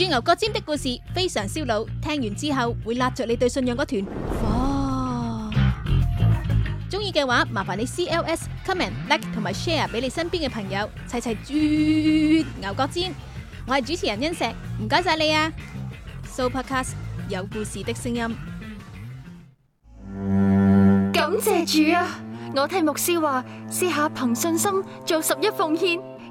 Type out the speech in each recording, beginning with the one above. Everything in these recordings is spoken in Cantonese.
鑽牛角尖的故事非常燒腦，聽完之後會撻著你對信仰嗰團火。中意嘅話，麻煩你 CLS comment like 同埋 share 俾你身邊嘅朋友，齊齊鑽牛角尖。我係主持人恩石，唔該晒你啊！Sooo Podcast 有故事的聲音，感謝主啊！我聽牧師話，試下憑信心做十一奉獻。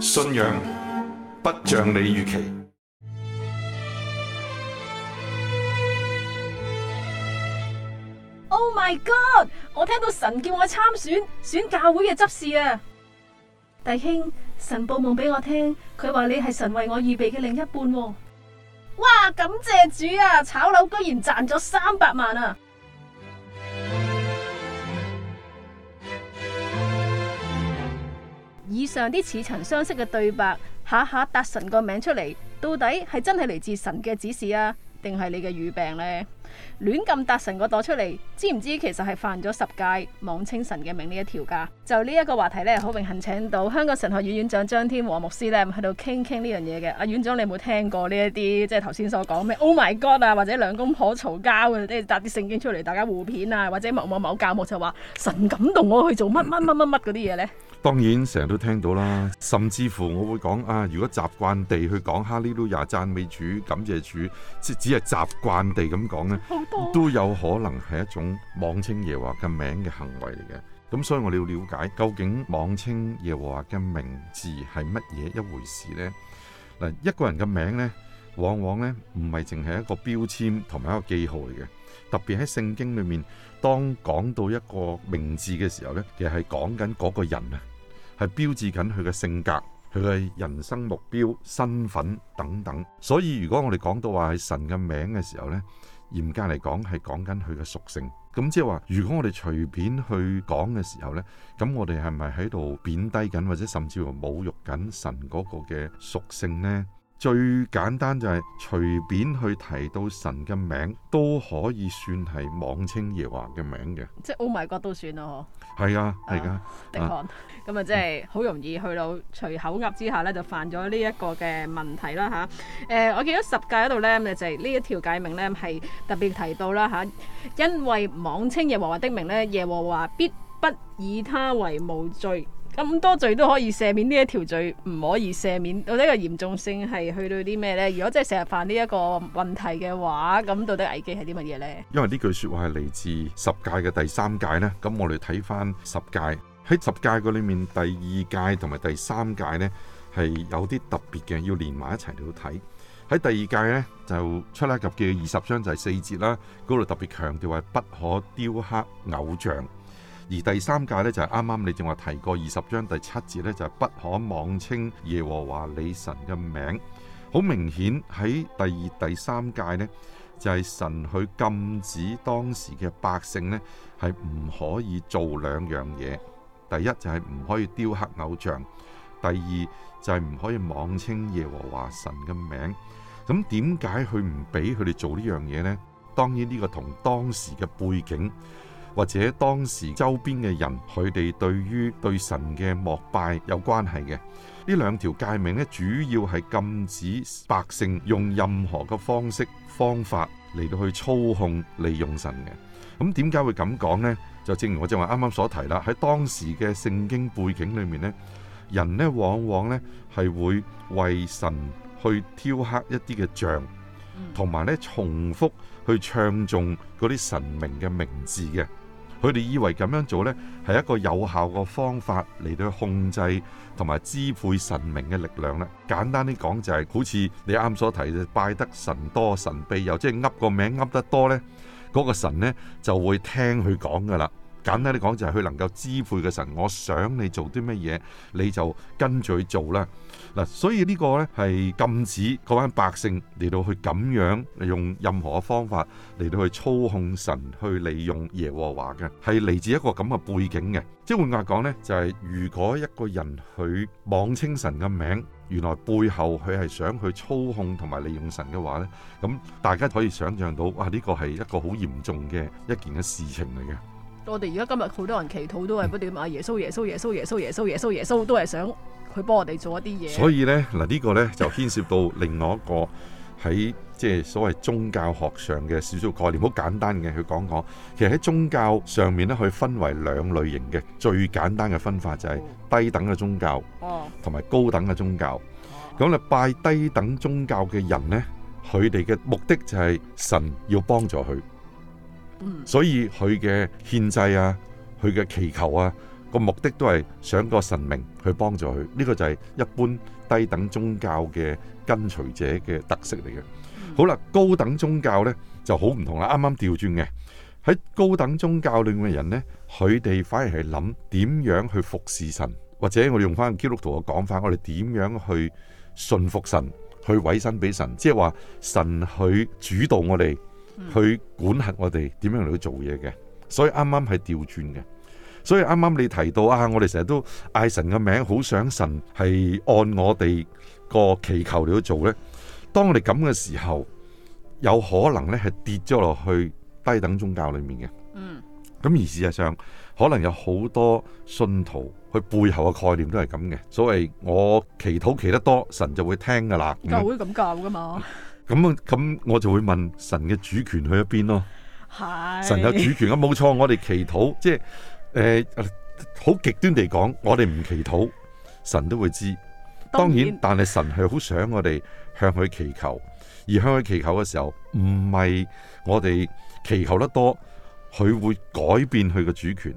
信仰不像你預期。Oh my God！我聽到神叫我參選選教會嘅執事啊！弟兄，神報夢俾我聽，佢話你係神為我預備嘅另一半啊。哇！感謝主啊！炒樓居然賺咗三百萬啊！以上啲似曾相識嘅對白，下下搭神個名出嚟，到底係真係嚟自神嘅指示啊，定係你嘅語病呢？亂咁搭神個朵出嚟，知唔知其實係犯咗十戒，妄稱神嘅名呢一條噶？就呢一個話題呢，好榮幸請到香港神學院院長張天和牧師呢，喺度傾傾呢樣嘢嘅。阿院長，你有冇聽過呢一啲即係頭先所講咩？Oh my God 啊，或者兩公婆嘈交啊，即係搭啲聖經出嚟，大家互片啊，或者某某某教牧就話神感動我去做乜乜乜乜乜嗰啲嘢呢。當然成日都聽到啦，甚至乎我會講啊，如果習慣地去講哈利路亞讚美主、感謝主，即只係習慣地咁講咧，怖都有可能係一種妄稱耶和華嘅名嘅行為嚟嘅。咁所以我哋要了解究竟妄稱耶和華嘅名字係乜嘢一回事呢？嗱，一個人嘅名呢，往往呢唔係淨係一個標籤同埋一個記號嚟嘅，特別喺聖經裏面，當講到一個名字嘅時候呢，其實係講緊嗰個人啊。係標誌緊佢嘅性格、佢嘅人生目標、身份等等。所以如果我哋講到話係神嘅名嘅時候咧，嚴格嚟講係講緊佢嘅屬性。咁即係話，如果我哋隨便去講嘅時候咧，咁我哋係咪喺度貶低緊，或者甚至乎侮辱緊神嗰個嘅屬性咧？最簡單就係隨便去提到神嘅名都可以算係妄稱耶和華嘅名嘅，即係 Oh My God 都算咯，嗬。係啊，係㗎。的確，咁啊，即係好容易去到隨口噏之下咧、啊，就犯咗呢一個嘅問題啦吓，誒，我記得十誡嗰度咧，就係呢一條誡命咧，係特別提到啦吓、啊，因為妄稱耶和華的名咧，耶和華必不以他為無罪。咁多罪都可以赦免，呢一條罪唔可以赦免，到底個嚴重性係去到啲咩呢？如果真係成日犯呢一個問題嘅話，咁到底危機係啲乜嘢呢？因為呢句說話係嚟自十戒嘅第三戒呢。咁我哋睇翻十戒，喺十戒嗰裏面，第二戒同埋第三戒呢係有啲特別嘅，要連埋一齊嚟到睇。喺第二戒呢，就出埃及嘅二十章就係四節啦，嗰度特別強調係不可雕刻偶像。而第三誡咧就係啱啱你正話提過二十章第七節咧就係不可妄稱耶和華你神嘅名，好明顯喺第二、第三誡呢，就係神去禁止當時嘅百姓呢，係唔可以做兩樣嘢，第一就係唔可以雕刻偶像，第二就係唔可以妄稱耶和華神嘅名。咁點解佢唔俾佢哋做呢樣嘢呢？當然呢個同當時嘅背景。或者當時周邊嘅人，佢哋對於對神嘅膜拜有關係嘅。呢兩條誡命咧，主要係禁止百姓用任何嘅方式方法嚟到去操控利用神嘅。咁點解會咁講呢？就正如我正話啱啱所提啦，喺當時嘅聖經背景裏面呢，人呢，往往呢係會為神去雕刻一啲嘅像，同埋呢重複去唱誦嗰啲神明嘅名字嘅。佢哋以為咁樣做咧，係一個有效嘅方法嚟到控制同埋支配神明嘅力量咧。簡單啲講就係好似你啱所提嘅，拜得神多神庇佑，即係噏個名噏得多咧，嗰個神咧就會聽佢講噶啦。簡單啲講，就係佢能夠支配嘅神。我想你做啲乜嘢，你就跟住去做啦。嗱，所以呢個呢，係禁止嗰班百姓嚟到去咁樣用任何嘅方法嚟到去操控神，去利用耶和華嘅係嚟自一個咁嘅背景嘅。即係換句話講呢，就係如果一個人佢妄稱神嘅名，原來背後佢係想去操控同埋利用神嘅話呢，咁大家可以想像到哇，呢個係一個好嚴重嘅一件嘅事情嚟嘅。我哋而家今日好多人祈禱都係不斷啊，耶穌耶穌耶穌耶穌耶穌耶穌耶穌，都係想佢幫我哋做一啲嘢。所以咧嗱，呢個咧就牽涉到另外一個喺即係所謂宗教學上嘅少少概念，好簡單嘅去講講。其實喺宗教上面咧，佢分為兩種類型嘅，最簡單嘅分法就係低等嘅宗教哦，同埋高等嘅宗教。咁咧，拜低等宗教嘅人咧，佢哋嘅目的就係神要幫助佢。所以佢嘅獻祭啊，佢嘅祈求啊，個目的都係想個神明去幫助佢，呢、這個就係一般低等宗教嘅跟隨者嘅特色嚟嘅。嗯、好啦，高等宗教呢就好唔同啦，啱啱調轉嘅，喺高等宗教裏面嘅人呢，佢哋反而係諗點樣去服侍神，或者我哋用翻基督徒嘅講法，我哋點樣去順服神，去委身俾神，即係話神去主導我哋。去管轄我哋點樣嚟去做嘢嘅，所以啱啱係調轉嘅。所以啱啱你提到啊，我哋成日都嗌神嘅名，好想神係按我哋個祈求嚟去做咧。當我哋咁嘅時候，有可能咧係跌咗落去低等宗教裏面嘅。嗯，咁而事實上可能有好多信徒佢背後嘅概念都係咁嘅，所謂我祈禱祈得多，神就會聽噶啦。教會咁教噶嘛？ 咁咁我就會問神嘅主權去咗邊咯。係神有主權啊，冇錯。我哋祈禱，即係誒，好、呃、極端地講，我哋唔祈禱，神都會知。當然，當然但係神係好想我哋向佢祈求，而向佢祈求嘅時候，唔係我哋祈求得多，佢會改變佢嘅主權。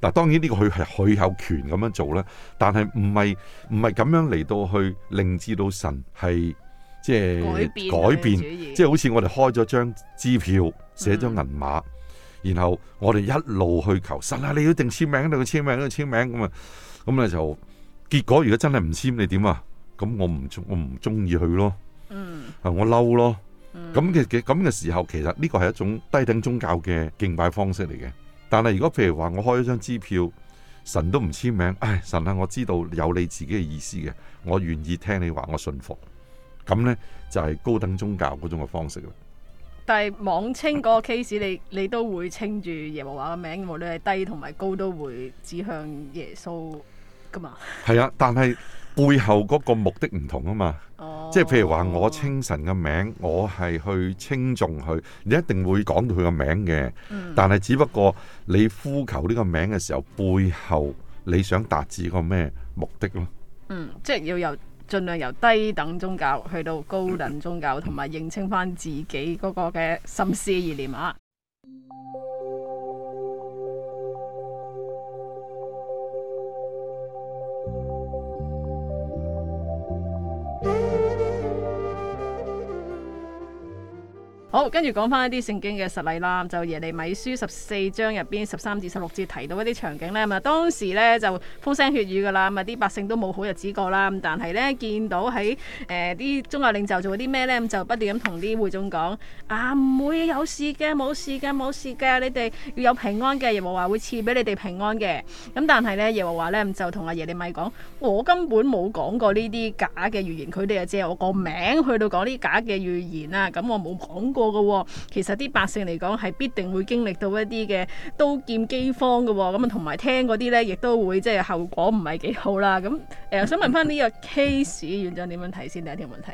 嗱，當然呢個佢係佢有權咁樣做啦。但係唔係唔係咁樣嚟到去令至到神係。即係改變，即係、就是、好似我哋開咗張支票，寫咗銀碼，嗯、然後我哋一路去求神啊！你要定簽名，你要簽名，你要簽名咁啊，咁咧就結果如果真係唔簽，你點啊？咁我唔中，我唔中意去咯。嗯，啊，我嬲咯。咁嘅嘅咁嘅時候，其實呢個係一種低等宗教嘅敬拜方式嚟嘅。但係如果譬如話我開咗張支票，神都唔簽名，唉、哎，神啊，我知道有你自己嘅意思嘅，我願意聽你話，我信服。咁呢就係高等宗教嗰種嘅方式啦。但係妄稱嗰個 case，你你都會稱住耶和華嘅名，無論係低同埋高都會指向耶穌噶嘛？係啊，但係背後嗰個目的唔同啊嘛。哦，即係譬如話我稱神嘅名，我係去稱頌佢，你一定會講到佢個名嘅。嗯。但係只不過你呼求呢個名嘅時候，背後你想達至個咩目的咯？嗯，即係要有。盡量由低等宗教去到高等宗教，同埋認清返自己嗰個嘅心思意念啊！好，跟住講翻一啲聖經嘅實例啦，就耶利米書十四章入邊十三至十六節提到一啲場景呢，咁啊當時呢就風聲血雨噶啦，咁啊啲百姓都冇好日子過啦，咁但係呢，見到喺啲、呃、中實領袖做啲咩呢？咁就不斷咁同啲會眾講啊唔會有事嘅，冇事嘅，冇事嘅，你哋要有平安嘅，耶和華會賜俾你哋平安嘅。咁但係呢，耶和華呢，就同阿耶利米講，我根本冇講過呢啲假嘅預言，佢哋啊借我個名去到講啲假嘅預言啦，咁我冇講過。嘅其實啲百姓嚟講係必定會經歷到一啲嘅刀劍饑荒嘅喎、哦，咁啊同埋聽嗰啲呢，亦都會即係後果唔係幾好啦。咁誒、呃，想問翻呢個 case，院長點樣睇先？第一條問題。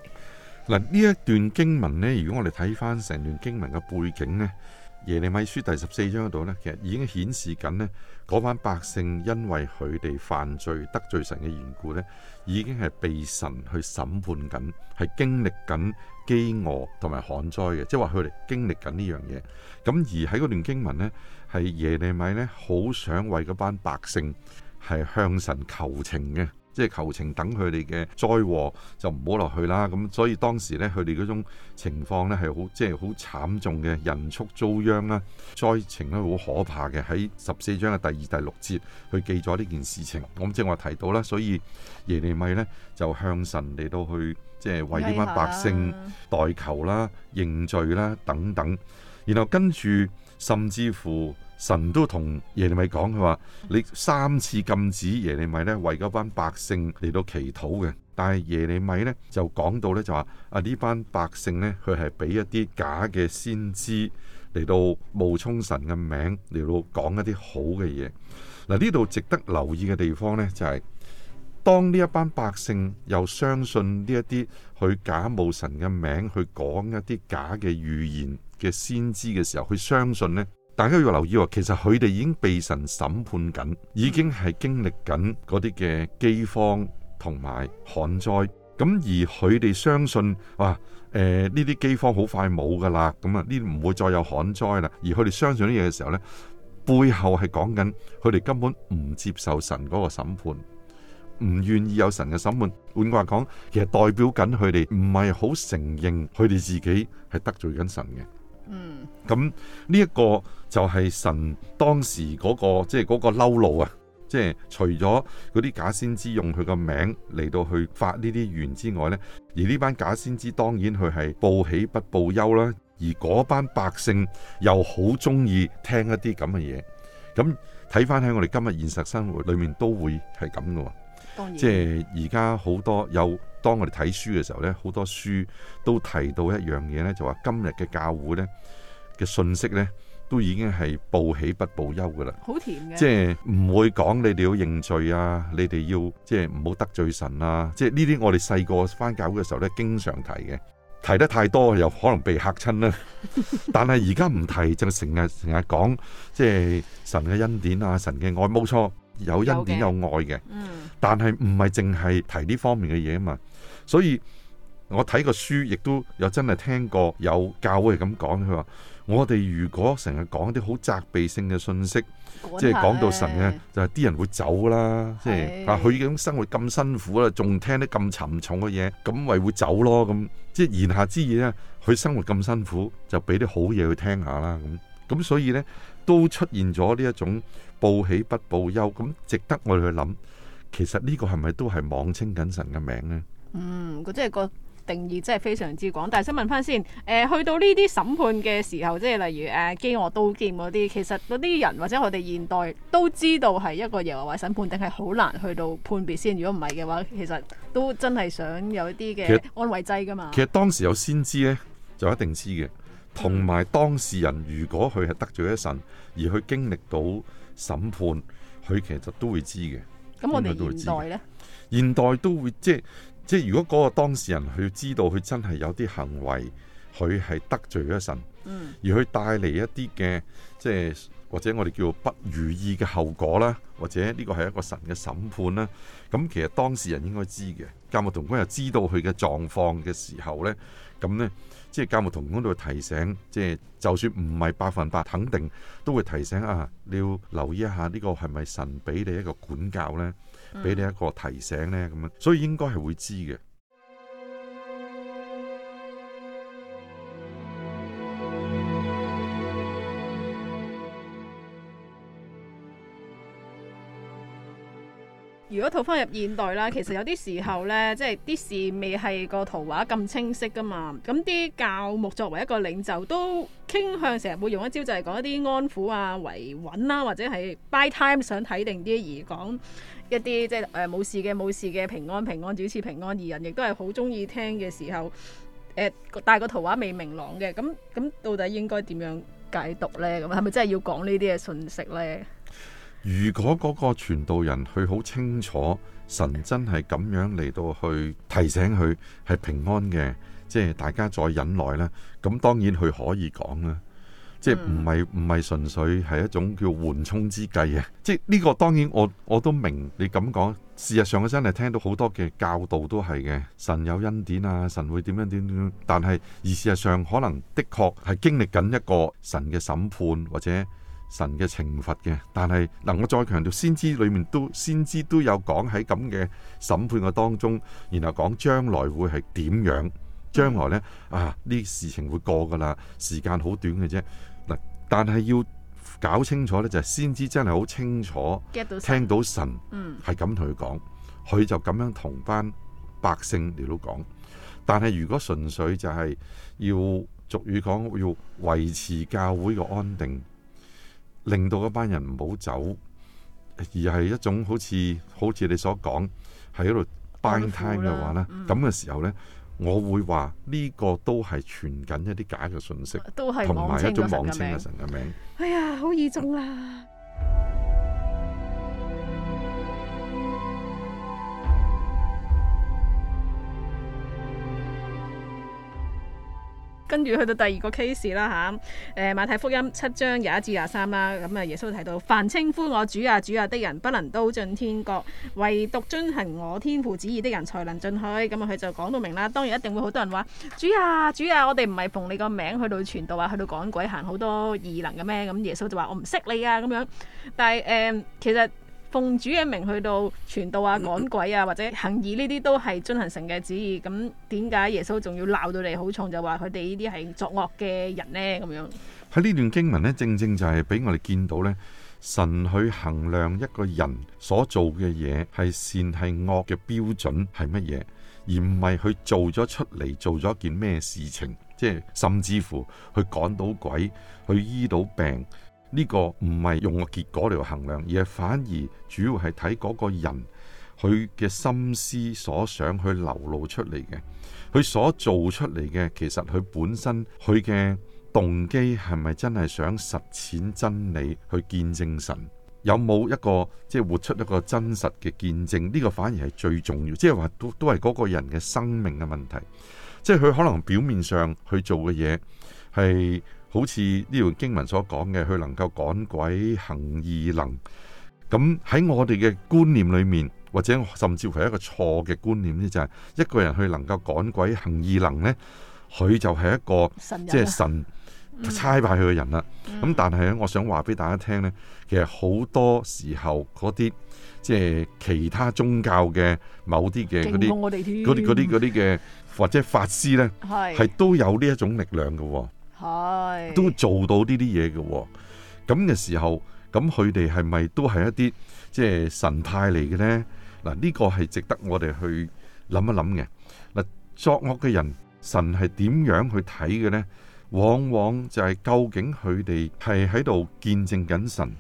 嗱呢一段經文呢，如果我哋睇翻成段經文嘅背景呢，《耶利米書》第十四章度呢，其實已經顯示緊呢嗰班百姓因為佢哋犯罪得罪神嘅緣故呢，已經係被神去審判緊，係經歷緊，饑餓同埋旱災嘅，即係話佢哋經歷緊呢樣嘢。咁而喺嗰段經文呢，係耶利米呢好想為嗰班百姓係向神求情嘅，即係求情等佢哋嘅災禍就唔好落去啦。咁所以當時呢，佢哋嗰種情況呢係好即係好慘重嘅，人畜遭殃啦，災情呢好可怕嘅。喺十四章嘅第二、第六節，去記咗呢件事情。咁即係話提到啦，所以耶利米呢就向神嚟到去。即係為呢班百姓代求啦、認罪啦等等，然後跟住甚至乎神都同耶利米講佢話：你三次禁止耶利米咧為嗰班百姓嚟到祈禱嘅。但係耶利米咧就講到咧就話：啊呢班百姓咧佢係俾一啲假嘅先知嚟到冒充神嘅名嚟到講一啲好嘅嘢。嗱呢度值得留意嘅地方咧就係、是。當呢一班百姓又相信呢一啲去假冒神嘅名去講一啲假嘅預言嘅先知嘅時候，佢相信呢，大家要留意，其實佢哋已經被神審判緊，已經係經歷緊嗰啲嘅饑荒同埋旱災。咁而佢哋相信哇，誒呢啲饑荒好快冇噶啦，咁啊呢啲唔會再有旱災啦。而佢哋相信呢嘢嘅時候呢，背後係講緊佢哋根本唔接受神嗰個審判。唔願意有神嘅審判，換句話講，其實代表緊佢哋唔係好承認佢哋自己係得罪緊神嘅。嗯，咁呢一個就係神當時嗰個，即係嗰個嬲怒啊，即係除咗嗰啲假先知用佢個名嚟到去發呢啲言之外呢，而呢班假先知當然佢係報喜不報憂啦。而嗰班百姓又好中意聽一啲咁嘅嘢，咁睇翻喺我哋今日現實生活裏面都會係咁噶。即係而家好多有當我哋睇書嘅時候呢，好多書都提到一樣嘢呢，就話今日嘅教會呢嘅信息呢，都已經係報喜不報憂噶啦。好甜嘅，即係唔會講你哋要認罪啊，你哋要即係唔好得罪神啊，即係呢啲我哋細個翻教會嘅時候呢，經常提嘅，提得太多又可能被嚇親啦。 但係而家唔提，就成日成日講，即係、就是、神嘅恩典啊，神嘅愛錯，冇錯。有恩典有愛嘅，的嗯、但係唔係淨係提呢方面嘅嘢啊嘛，所以我睇個書亦都有真係聽過有教會係咁講，佢話我哋如果成日講啲好責備性嘅信息，即係講到神咧，就係、是、啲人會走啦，即係啊，佢咁生活咁辛苦啦，仲聽得咁沉重嘅嘢，咁咪會走咯，咁即係言下之意呢，佢生活咁辛苦，就俾啲好嘢去聽下啦，咁咁所以呢。都出現咗呢一種報喜不報憂，咁值得我哋去諗。其實呢個係咪都係妄稱緊神嘅名咧、啊？嗯，即係個定義真係非常之廣。但係想問翻先，誒、呃、去到呢啲審判嘅時候，即係例如誒饑餓刀劍嗰啲，其實嗰啲人或者我哋現代都知道係一個耶和華，華審判，定係好難去到判別先。如果唔係嘅話，其實都真係想有一啲嘅安慰劑噶嘛。其實當時有先知呢，就一定知嘅。同埋當事人，如果佢係得罪咗神，而佢經歷到審判，佢其實都會知嘅。咁我哋現代咧，現代都會即係即係如果嗰個當事人佢知道佢真係有啲行為，佢係得罪咗神，嗯，而佢帶嚟一啲嘅即係或者我哋叫不如意嘅後果啦，或者呢個係一個神嘅審判啦，咁其實當事人應該知嘅。教牧同工又知道佢嘅狀況嘅時候呢。咁呢。即係教牧同工都會提醒，即係就算唔係百分百肯定，都會提醒啊！你要留意一下呢個係咪神俾你一個管教咧，俾你一個提醒咧，咁樣，所以應該係會知嘅。如果套翻入現代啦，其實有啲時候呢，即係啲事未係個圖畫咁清晰噶嘛。咁啲教牧作為一個領袖，都傾向成日會用一招，就係講一啲安撫啊、維穩啦、啊，或者係 by time 想睇定啲，而講一啲即係誒冇事嘅、冇事嘅平安、平安主持，好似平安二人，亦都係好中意聽嘅時候。誒、呃，但係個圖畫未明朗嘅，咁咁到底應該點樣解讀呢？咁係咪真係要講呢啲嘅信息呢？如果嗰個傳道人佢好清楚神真係咁樣嚟到去提醒佢係平安嘅，即係大家再忍耐啦，咁當然佢可以講啦，即係唔係唔係純粹係一種叫緩沖之計啊！即係呢個當然我我都明你咁講，事實上我真係聽到好多嘅教導都係嘅，神有恩典啊，神會點樣點點，但係而事實上可能的確係經歷緊一個神嘅審判或者。神嘅懲罰嘅，但係能我再強調，先知裏面都先知都有講喺咁嘅審判嘅當中，然後講將來會係點樣？將來呢，啊，呢事情會過噶啦，時間好短嘅啫嗱。但係要搞清楚呢，就係、是、先知真係好清楚聽到神係咁同佢講，佢、嗯、就咁樣同翻百姓嚟到講。但係如果純粹就係要俗語講，要維持教會嘅安定。令到一班人唔好走，而係一種好似好似你所講喺嗰度班聽嘅話咧，咁嘅時候咧，嗯、我會話呢個都係傳緊一啲假嘅信息，同埋一種妄稱嘅神嘅名。哎呀，好易中啦！嗯跟住去到第二個 case 啦嚇，誒馬太福音七章廿一至廿三啦，咁啊耶穌提到凡稱呼我主啊主啊的人不能都進天國，唯獨遵行我天父旨意的人才能進去，咁啊佢就講到明啦。當然一定會好多人話主啊主啊，我哋唔係奉你個名去到傳道啊，去到趕鬼行好多異能嘅咩？咁耶穌就話我唔識你啊咁樣，但係、呃、其實。奉主嘅名去到傳道啊、趕鬼啊或者行義呢啲都係遵行神嘅旨意，咁點解耶穌仲要鬧到你好重，就話佢哋呢啲係作惡嘅人呢？咁樣喺呢段經文呢，正正就係俾我哋見到呢：神去衡量一個人所做嘅嘢係善係惡嘅標準係乜嘢，而唔係去做咗出嚟做咗件咩事情，即係甚至乎去趕到鬼、去醫到病。呢個唔係用個結果嚟衡量，而係反而主要係睇嗰個人佢嘅心思所想，去流露出嚟嘅，佢所做出嚟嘅，其實佢本身佢嘅動機係咪真係想實踐真理去見證神？有冇一個即係活出一個真實嘅見證？呢個反而係最重要，即係話都都係嗰個人嘅生命嘅問題。即係佢可能表面上去做嘅嘢係。好似呢條經文所講嘅，佢能夠趕鬼行異能。咁喺我哋嘅觀念裏面，或者甚至乎係一個錯嘅觀念咧，就係一個人去能夠趕鬼行異能咧，佢就係一個即係神差派佢嘅人啦。咁但係咧，我想話俾大家聽咧，其實好多時候嗰啲即係其他宗教嘅某啲嘅嗰啲嗰啲嗰啲嗰啲嘅或者法師咧，係係都有呢一種力量嘅。都做到呢啲嘢嘅，咁嘅時候，咁佢哋係咪都係一啲即係神派嚟嘅呢？嗱，呢個係值得我哋去諗一諗嘅。作惡嘅人，神係點樣去睇嘅呢？往往就係究竟佢哋係喺度見證緊神，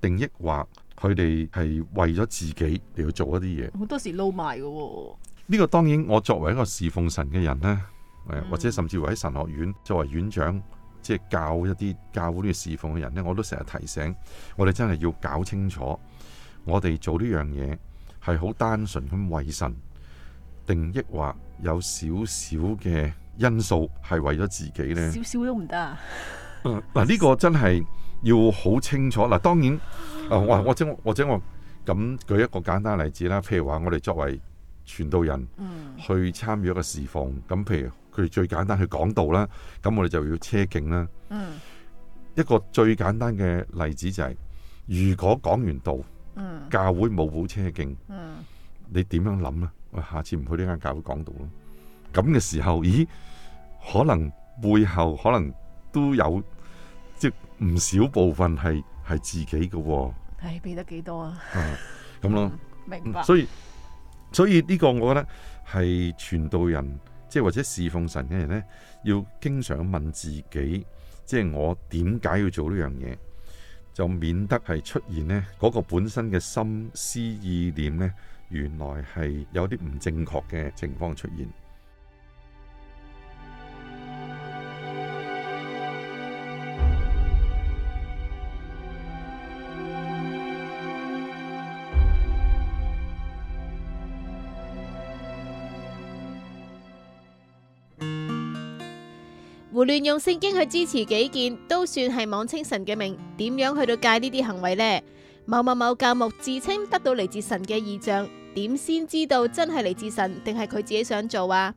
定抑或佢哋係為咗自己嚟去做一啲嘢。好多時撈埋嘅呢個，當然我作為一個侍奉神嘅人呢。或者甚至乎喺神學院作為院長，即係教一啲教呢個侍奉嘅人呢我都成日提醒我哋真係要搞清楚我，我哋做呢樣嘢係好單純咁為神，定抑或有少少嘅因素係為咗自己呢少少都唔得啊！嗱、啊，呢、呢個真係要好清楚。嗱、啊，當然，啊、我我或者我咁舉一個簡單例子啦。譬如話我哋作為傳道人，去參與一個侍奉，咁譬如。佢哋最簡單去講道啦，咁我哋就要車徑啦。嗯，一個最簡單嘅例子就係、是，如果講完道，嗯，教會冇補車徑，嗯，你點樣諗咧？我下次唔去呢間教會講道咯。咁嘅時候，咦？可能背後可能都有即唔少部分係係自己嘅。唉、哎，俾得幾多啊？咁、啊、咯、嗯，明白。嗯、所以所以呢個我覺得係傳道人。即係或者侍奉神嘅人呢，要經常問自己，即係我點解要做呢樣嘢，就免得係出現呢嗰個本身嘅心思意念呢，原來係有啲唔正確嘅情況出現。胡亂用聖經去支持己見，都算係妄稱神嘅名。點樣去到戒呢啲行為呢？某某某教牧自稱得到嚟自神嘅異象，點先知道真係嚟自神，定係佢自己想做啊？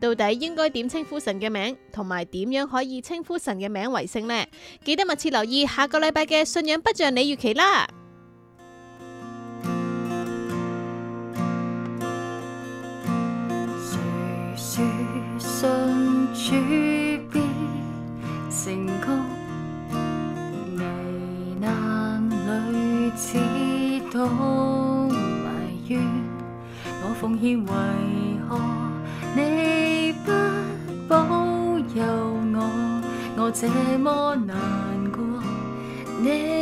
到底應該點稱呼神嘅名，同埋點樣可以稱呼神嘅名為聖呢？記得密切留意下個禮拜嘅信仰不像你預期啦。成功，危難裏只懂埋怨。我奉獻，為何你不保佑我？我這麼難過，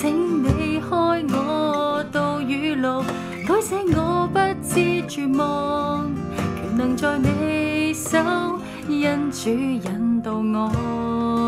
請你開我道與路，改寫我不知絕望，權能在你手，因主引導我。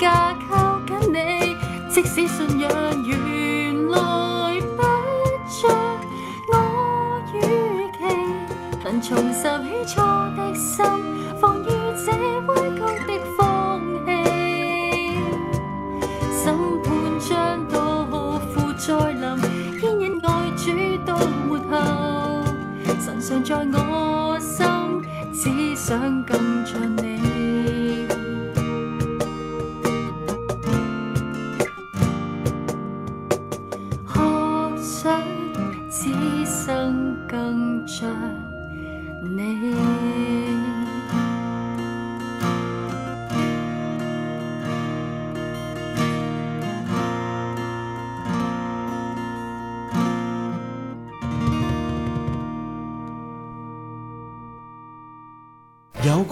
靠緊你，即使信仰遠。